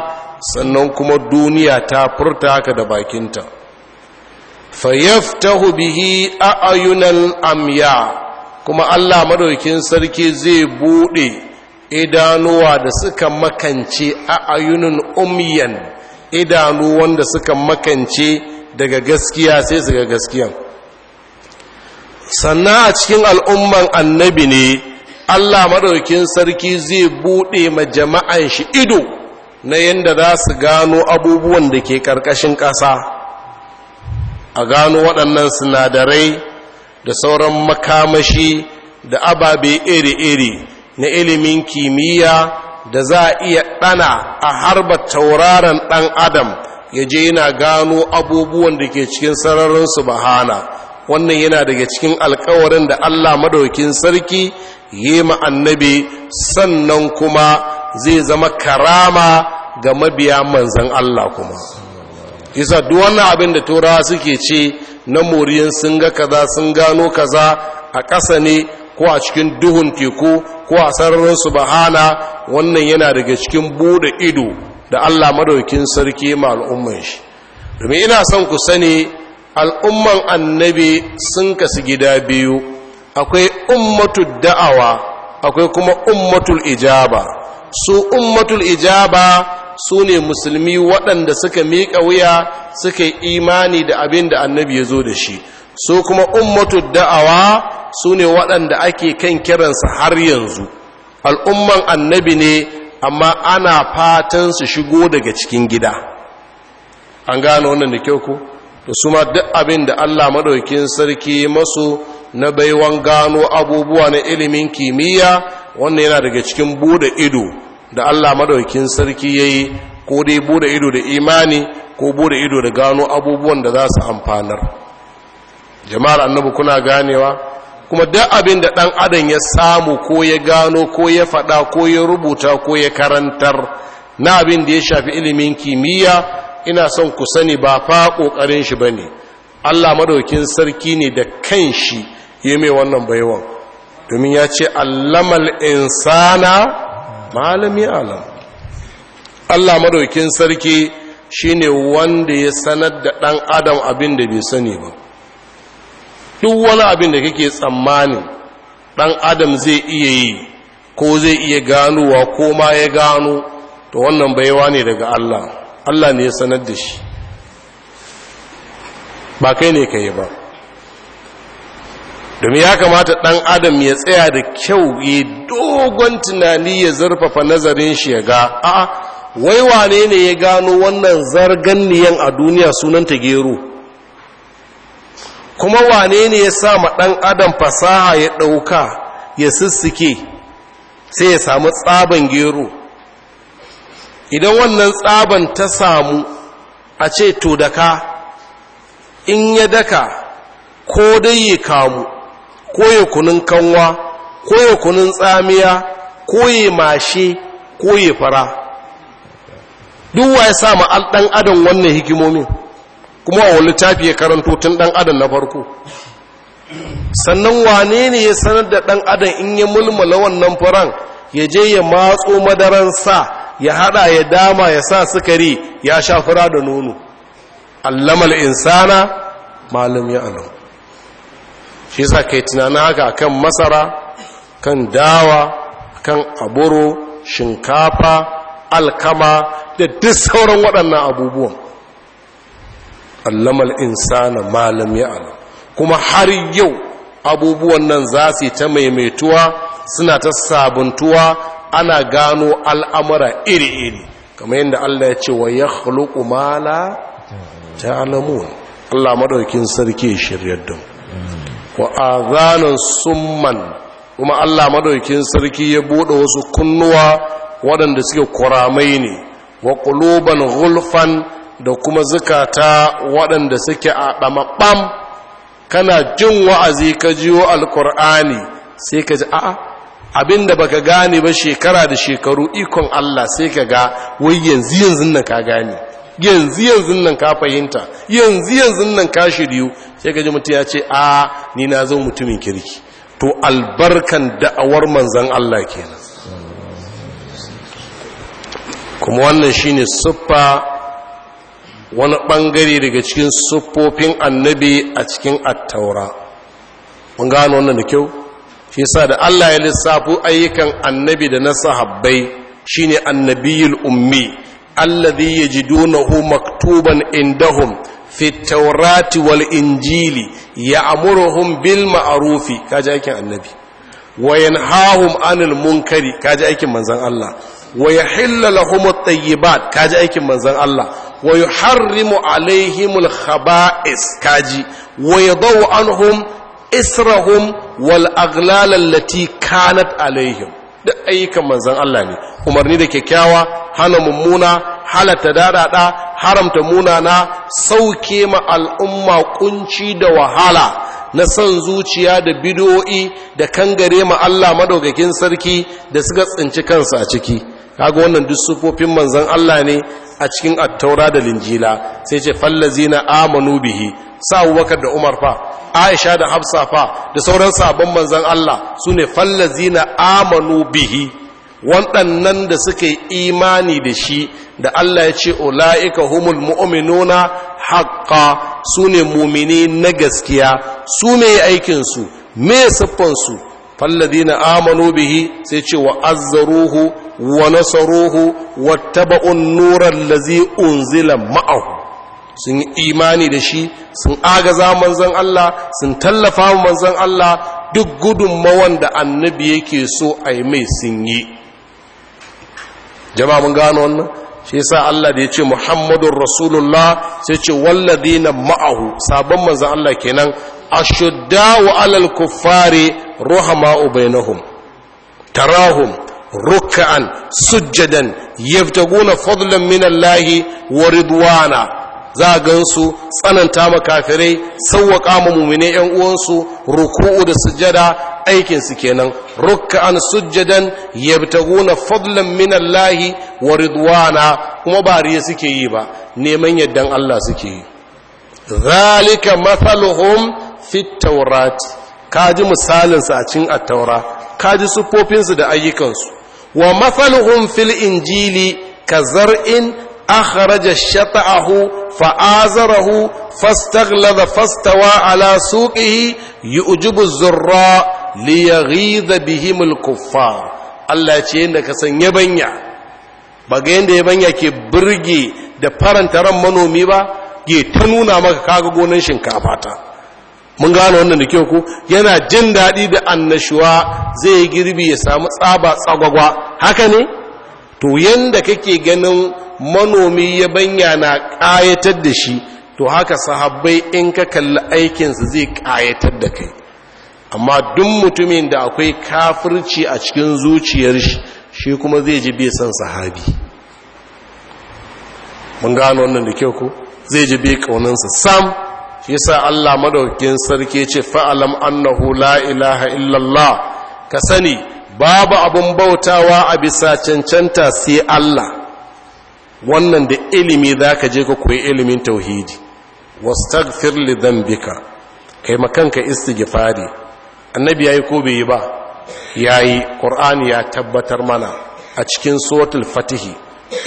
sannan kuma duniya ta furta haka da bakinta fayaftahu bihi a ayunan amya kuma Allah madaukin sarki zai buɗe idanuwa da suka makance a ayunan umyan idanu wanda suka makance daga gaskiya sai su ga gaskiyan sannan a cikin al'umman annabi ne allah maɗaukin sarki zai buɗe ma jama'an shi ido na yadda za su gano abubuwan da ke ƙarƙashin ƙasa a gano waɗannan sinadarai da sauran makamashi da ababe iri-iri na ilimin kimiyya da za a iya ɗana a harba tauraron ɗan adam ya je yana gano abubuwan da ke cikin sararin subhana wannan yana daga cikin alkawarin da Allah madaukin sarki yi ma sannan kuma zai zama karama ga mabiya manzan Allah kuma isa duk wannan abin da turawa suke ce na moriyan sun ga kaza sun gano kaza a ƙasa ne ko a cikin duhun teku ko a sararin subhana wannan yana daga cikin buɗe ido da Allah madaukin sarki ma al'umman shi domin ina son ku sani al'umman annabi sun kasu gida biyu akwai ummatu da'awa akwai kuma ummatul ijaba su ummatul ijaba su ne musulmi waɗanda suka miƙa wuya suka yi imani da abin da annabi ya zo da shi su kuma ummatu da'awa su ne waɗanda ake kan kiransa har yanzu al'umman annabi ne amma ana fatan su shigo daga cikin gida an gano wannan da kyau ko da su ma duk abin da Allah maɗaukin sarki masu na baiwan gano abubuwa na ilimin kimiyya wannan yana daga cikin bude ido da Allah maɗaukin sarki yayi ko dai bude ido da imani ko bude ido da gano abubuwan da za su amfanar jama'ar annabi kuna ganewa kuma duk abin da ɗan adam ya samu ko ya gano ko ya faɗa ko ya rubuta ko ya karantar na abin da ya shafi ilimin kimiyya ina son ku sani ba fa ƙoƙarin shi ba ne allah maɗaukin sarki ne da kanshi shi ya mai wannan baiwan domin ya ce allamal insana malami alam allah maɗaukin sarki shi ne wanda ya sanar da ɗan adam abin da bai sani ba duk wani abin da kake tsammanin ɗan adam zai iya yi ko zai iya ganowa ko ma ya gano to wannan baiwa ne daga allah Allah ne ya sanar da shi ba kai ne ka yi ba domin ya kamata ɗan adam ya tsaya da kyau ya dogon tunani ya zarfafa nazarin shi ya ga a wai wane ne ya gano wannan zarganniyan a duniya sunanta gero kuma wane ne ya sa ma ɗan adam fasaha ya ɗauka ya sissike sai ya samu tsaban gero idan wannan tsaban ta samu a ce to daka in ya daka ko dai ya kamu ko ya kunun kanwa ko ya kunun tsamiya ko ya mashe ko ya fara duwa ya sa ma'al ɗan adam wannan hikimomin kuma a wani tafi ya karanto tun ɗan adam na farko sannan wane ne ya sanar da ɗan adam in ya mulmula wannan faran ya je ya matso madaran sa ya hada ya dama ya sa sukari ya sha fura da nono allamal insana malum ya alam shi sa kai tunanin haka kan masara kan dawa kan aburo shinkafa alkama da duk sauran waɗannan abubuwan allamal insana malum ya alam kuma har yau abubuwan nan za su yi ta maimaituwa suna ta sabuntuwa ana gano al'amura iri-iri kamar yadda Allah ya ce wa ya khuluku mala ta alamun Allah maɗaukin sarki shiryar don wa zanen summan kuma Allah maɗaukin sarki ya buɗe wasu kunnuwa waɗanda suke kuramai ne wa ƙuluban gulfan da kuma zukata waɗanda suke a ɗamaɓam kana jin wa'azi ka jiwo alkur'ani sai ka ji a'a Abin da baka gane ba shekara da shekaru ikon Allah sai ka ga wai yanzu yanzu nan ka gane yanzu yanzu nan ka fahimta yanzu yanzu nan ka shiryu sai ka ji mutum ya ce a ni na zo mutumin kirki to albarkan da'awar manzan Allah kenan kuma wannan shine siffa wani bangare daga cikin suffofin annabi a cikin attaura mun gano wannan da kyau shi sa da Allah ya lissafo ayyukan annabi da na sahabbai shine annabiyul ummi alladhi yajidunahu maktuban indahum fi tawrati wal injili ya'muruhum bil ma'rufi kaji aikin annabi wa yanhahum anil munkari kaji aikin manzon Allah wa yahillu lahum at-tayyibat kaji aikin manzon Allah wa yuharrimu alaihimul khaba'is kaji wa yadaw anhum israhum wal aghlal allati kanat alaihim Da ayyukan manzan Allah ne umarni da kyakkyawa hana mummuna halatta dadada haramta munana sauke ma al'umma kunci da wahala na san zuciya da bidoyi da kangare ma Allah madaukakin sarki da suka tsinci kansu a ciki kaga wannan duk sufofin manzan Allah ne a cikin attaura da linjila sai ce fallazina amanu bihi sa bakar da umar fa aisha da hafsa fa da sauran sabon manzan allah su ne fallazina amanu bihi waɗannan da suka yi imani da shi da allah ya ce ula'ika humul mu'minuna haƙƙa su ne mumini na gaskiya su ne aikinsu me siffansu ce wa azzaruhu wa nasaruhu wa taba'un nuran lazi unzila ma'ahu sun yi imani da shi sun agaza manzan Allah sun tallafa manzan Allah duk gudunmawan da annabi yake so a yi mai sun yi jama'a mun gano wannan shi yasa Allah da ya ce Muhammadun Rasulullah sai ce walladina ma'ahu sabon manzan Allah kenan wa alal kuffari ruhama'u bainahum tarahum ركعا sujjadan yaftaguna fadlan من wa ridwana za a gansu tsananta makafirai sauwaƙa ma mummune ‘yan uwansu ruku'u da sujjada aikinsu kenan rukka an sujjadan yabtaguna fadlan min Allahi wa ridwana kuma ba riya suke yi ba neman yaddan Allah suke yi zalika mathaluhum fit kaji misalin a cin attaura. taura kaji sufofinsu da ayyukansu wa mathaluhum fil injili kazar'in Akharaja shata'ahu fa'azarahu fastaghlaza fastawa ala suqihi yu'jibu zurra liyaghidha bihim al-kuffar Allah ce yanda ka san yabanya ba ga yanda yabanya ke birge da faranta ran manomi ba ke ta nuna maka kaga gonar shinkafa ta mun gane wannan da kyau ko yana jin daɗi da annashuwa zai girbi ya samu tsaba tsagwagwa haka ne to yanda kake ganin manomi ya banya na ƙayatar da shi to haka sahabbai in ka kalli aikinsu zai ƙayatar da kai amma duk mutumin da akwai kafirci a cikin zuciyar shi shi kuma zai ji bai son sahabi mun gano wannan da kyau ko zai ji bai kaunansa sam shi yasa Allah Madaukin sarki ce fa'alam annahu la ilaha illallah ka sani babu abun bautawa a bisa cancanta sai Allah wannan da ilimi zaka je ka koyi ilimin tauhidi wastaghfir li dhanbika kai makanka istighfari annabi yayi ko bai yi ba yayi qur'ani ya tabbatar mana a cikin suratul fatihi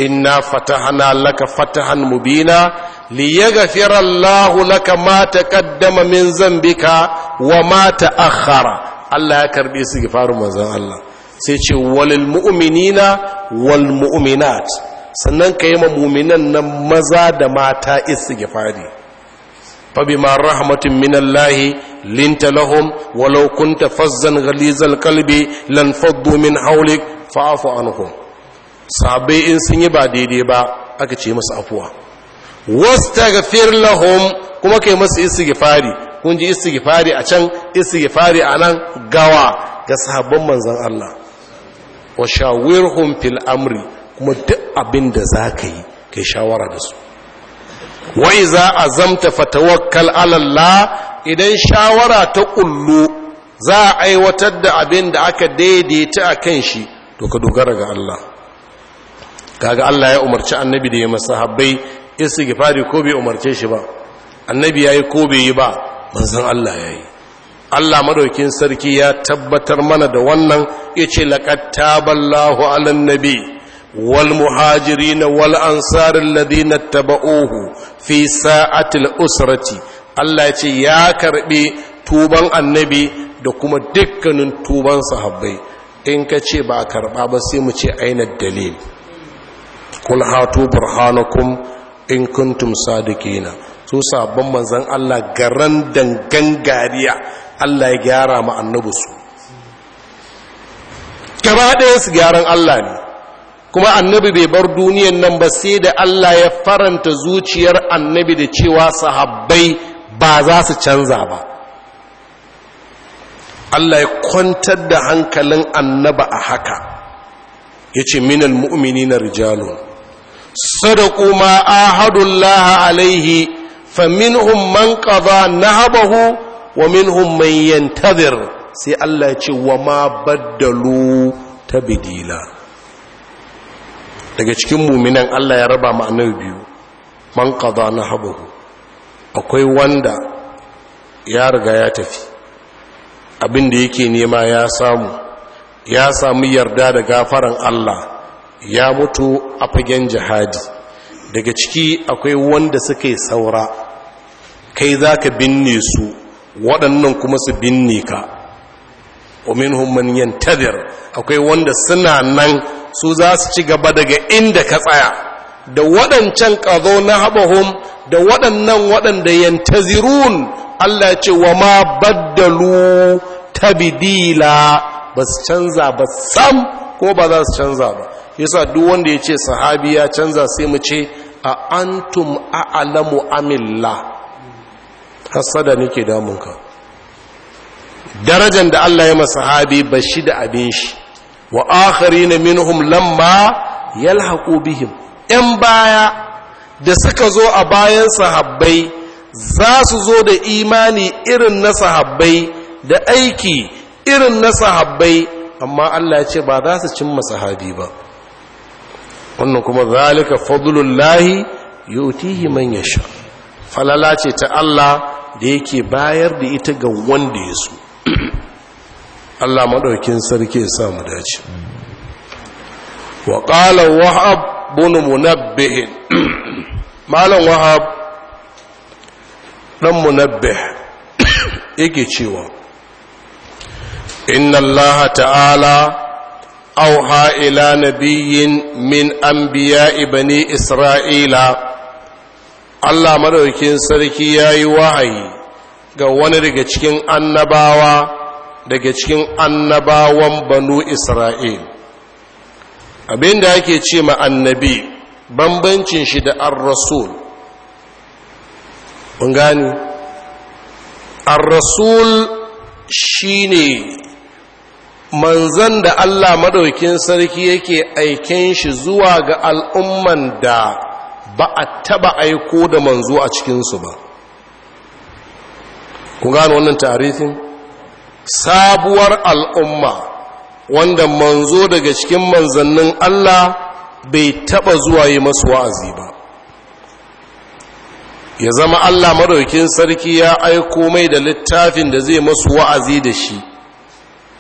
inna fatahna laka fatahan mubina liyaghfira Allahu laka ma taqaddama min dhanbika wa ma ta'akhkhara Allah ya karbi istighfarin manzon Allah sai ce walil mu'minina wal mu'minat sannan ka yi ma muminan nan maza da mata istighfari fa ma rahmatin minan lahi linta lahum walau kunta fazzan ghalizal kalbi lan faddu min hawlik fa'fu anhum sabai in sun yi ba daidai ba aka ce masu afuwa wastaghfir lahum kuma kai musu istighfari kun ji istighfari a can istighfari a nan gawa ga sahabban manzon Allah wa shawirhum fil amri kuma duk abin da za ka yi kai shawara da su wai za a zamta fatawakkal alalla idan shawara ta kullu za a aiwatar da abin da aka daidaita a kan shi to ka dogara ga Allah kaga Allah ya umarci annabi da ya masahabbai gifari ko bai umarce shi ba annabi yayi ko bai yi ba manzon Allah yayi Allah madaukin sarki ya tabbatar mana da wannan yace laqad taballahu alannabi. والمهاجرين والأنصار الذين اتبعوه في ساعة الأسرة الله يتي يا كربي توبان النبي دكما دكن توبان صحابي إن كتي با كربا بسيمتي أين الدليل قل هاتوا برهانكم in كنتم صادقين su sabon manzan Allah garan dangan gariya Allah ya gyara ma annabi su gaba ɗaya su gyaran kuma annabi bai bar duniyan nan ba sai da Allah ya faranta zuciyar annabi da cewa sahabbai ba za su canza ba Allah ya kwantar da hankalin annaba a haka ya ce minal mu'mini na rijalun sadaku ma ahadullah alaihi faminhum man qada nahabahu wa minhum man yantazir sai Allah ya ce wa ma baddalu tabdila daga cikin muminan Allah ya raba ma'anar biyu man na habahu akwai wanda ya riga ya tafi abinda da yake nema ya samu ya samu yarda da gafaran Allah ya mutu a fagen jihadi daga ciki akwai wanda suke saura kai za ka binne su waɗannan kuma su binne ka wa minhum man akwai wanda suna nan su za su ci gaba daga inda ka tsaya da waɗancan ƙazo na haɓahum da waɗannan waɗanda yantazirun Allah ce wa ma baddalu tabidila ba su canza ba sam ko ba za su canza ba yasa duk wanda ya ce sahabi ya canza sai mu ce a antum a'lamu amillah hasada nake damunka Darajan da Allah ya masahabi ba shi da abin shi wa akharina minhum lamma yalhaqu bihim yan baya da suka zo a bayan sahabbai za su zo da imani irin na sahabbai da aiki irin na sahabbai amma Allah ya ce ba za su cimma sahabi ba wannan kuma zalika fadlullahi yutihi man yasha falala ce ta Allah da yake bayar da ita ga wanda ya so Allah maɗaukin sarki ya sa mu dace wa qala wahab bin munabbih malam wahab dan munabbih yake cewa inna Allah ta'ala auha ila nabiyyin min anbiya'i bani isra'ila Allah maɗaukin sarki ya yi wahayi ga wani daga cikin annabawa daga cikin annabawan banu isra'il abin abinda ake ce ma annabi bambancin shi da ar-rasul kun gani ar-rasul shi ne manzan da Allah maɗaukin sarki yake aiken shi zuwa ga al'umman da ba a taɓa aiko da manzo a cikinsu ba ku gano wannan tarihin sabuwar al'umma wanda manzo daga cikin manzannin Allah bai taɓa zuwa yi masu wa'azi ba ya zama Allah maraukin sarki ya aiko mai da littafin da zai masu wa'azi da shi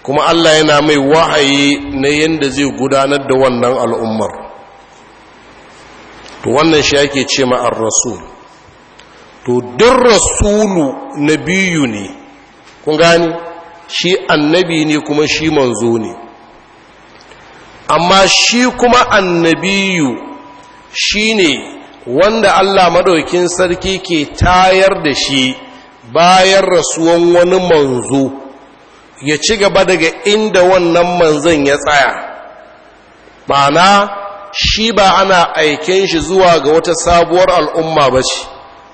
kuma Allah yana mai wahayi na yadda zai gudanar da wannan al'ummar to wannan shi ake ce ma'ar rasul to duk rasulu na biyu ne kun gani shi annabi ne kuma shi manzo ne amma shi kuma annabiyu shi ne wanda allah maɗaukin sarki ke tayar da shi bayan rasuwan wani manzo ya ci gaba daga inda wannan manzon ya tsaya ma'ana shi ba ana aiken shi zuwa ga wata sabuwar al'umma ba ce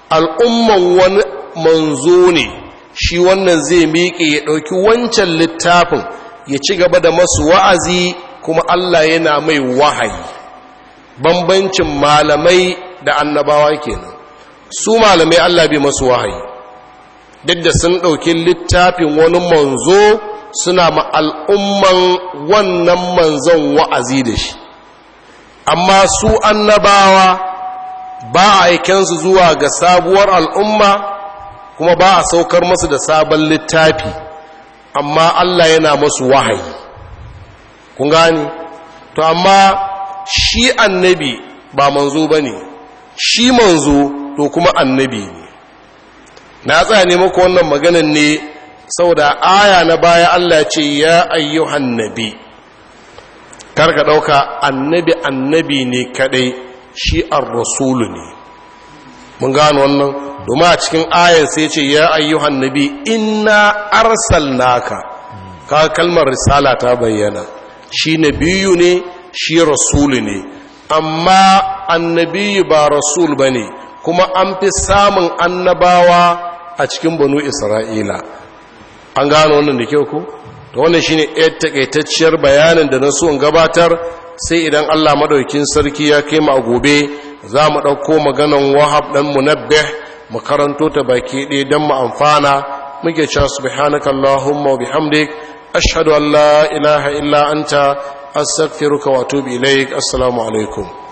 al'umman wani manzo ne shi wannan zai miƙe ya ɗauki wancan littafin ya ci gaba da masu wa'azi kuma Allah yana mai wahayi bambancin malamai da annabawa kenan su malamai Allah bai masu wahayi duk da sun ɗauki littafin wani manzo suna ma al'umman wannan manzon wa'azi da shi amma su annabawa ba a aikensu zuwa ga sabuwar al'umma kuma ba a saukar masu da sabon littafi amma Allah yana masu wahayi kun gani to amma shi annabi ba manzo ba ne shi manzo to kuma annabi ne na tsane muku wannan maganan ne saboda aya na baya Allah ce ya ayyuhan nabi karka ɗauka annabi annabi ne kaɗai shi ar-rasulu ne mun gano wannan domin a cikin ayan sai ce ya ayyuhan nabi inna arsalnaka ka kalmar risala ta bayyana shi nabiyu ne shi rasulu ne amma annabiyu ba rasul ne kuma an fi samun annabawa a cikin banu isra'ila an gano wannan da kyau ku da wannan shine ɗaya takaitacciyar bayanin da na so gabatar sai idan Allah madaukin sarki ya kai ma gobe za mu ɗauko maganan wahab ɗan munabbih mu karanto ta baki ɗaya don mu amfana muke cewa subhanaka allahumma wa bihamdik ashhadu an la ilaha illa anta astaghfiruka wa atubu ilaik assalamu alaikum